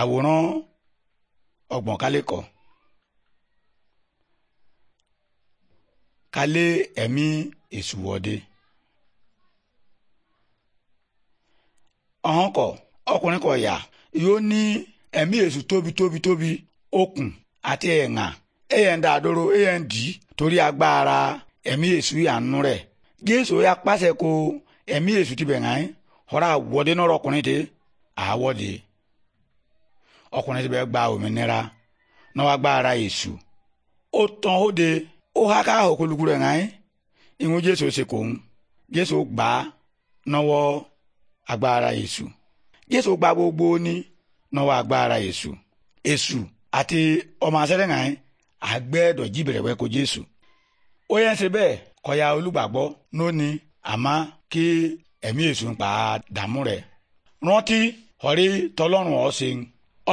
àwòrán ọgbọ̀n kálẹ̀kọ̀ kálẹ̀ ẹ̀mí èṣù wọ̀de. ọ̀hún kọ̀ ọkùnrin kọ̀ yà yóò ní ẹ̀mí èṣù tóbi tóbi tóbi okùn àti ẹ̀ǹà ẹ̀yẹ̀ ń dàdóró ẹ̀yẹ̀ dì torí agbára ẹ̀mí èṣù ìyànú rẹ̀ jésù ya pàṣẹ kó ẹ̀mí èṣù ti bẹ̀ ńáyé ọ̀rọ̀ àwọ̀dé náà ọkùnrin tẹ àwọ̀dé ọkùnrin ti bẹ́ẹ̀ gba òmìnira náà wá gba ara èṣù ó tán ó de ó há ká òkúlùkù rẹ̀ hàn án ìhun jésù ṣe kò ń jésù gbà á náwọ́ agbára èṣù jésù gba gbogbo ní náwọ́ agbára èṣù èṣù àti ọmọ asẹ́rẹ́ hàn án àgbẹ̀dọ̀ jíbẹ̀rẹ̀ wẹ́ ko jésù ó yẹn ṣe bẹ́ẹ̀ kọyà olùgbàgbọ́ lónìí àmọ́ kí ẹ̀mí èṣù ń pa dààmú rẹ̀ rántí ọ̀rí tọlọ́run ọ̀sìn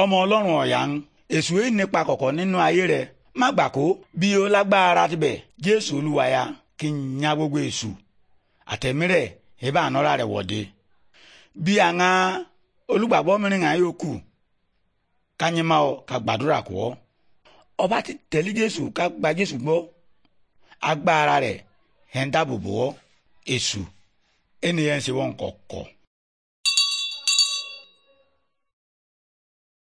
ọmọ ọlọ́run ọ̀yà ń èṣù èyí nípa kọ̀kọ̀ nínú ayé rẹ̀ má gbà kó bí ó lágbára tibẹ̀ jésù olúwaya kí n ya gbogbo èṣù àtẹ̀mírẹ̀ ìbá ànọ́ra rẹ̀ wọ̀de. bí àwọn olùgbàgbọ́ mìíràn yóò kù kányẹ́má ọ ká gbàdúrà kọ́ ọba ti tẹ̀lé jésù ká gba jésù gbọ́ agbára rẹ̀ ẹ̀ ń dáàbò bò ọ́ èṣù ènìyàn ń ṣe wọn kọ̀ọ̀kọ̀ọ̀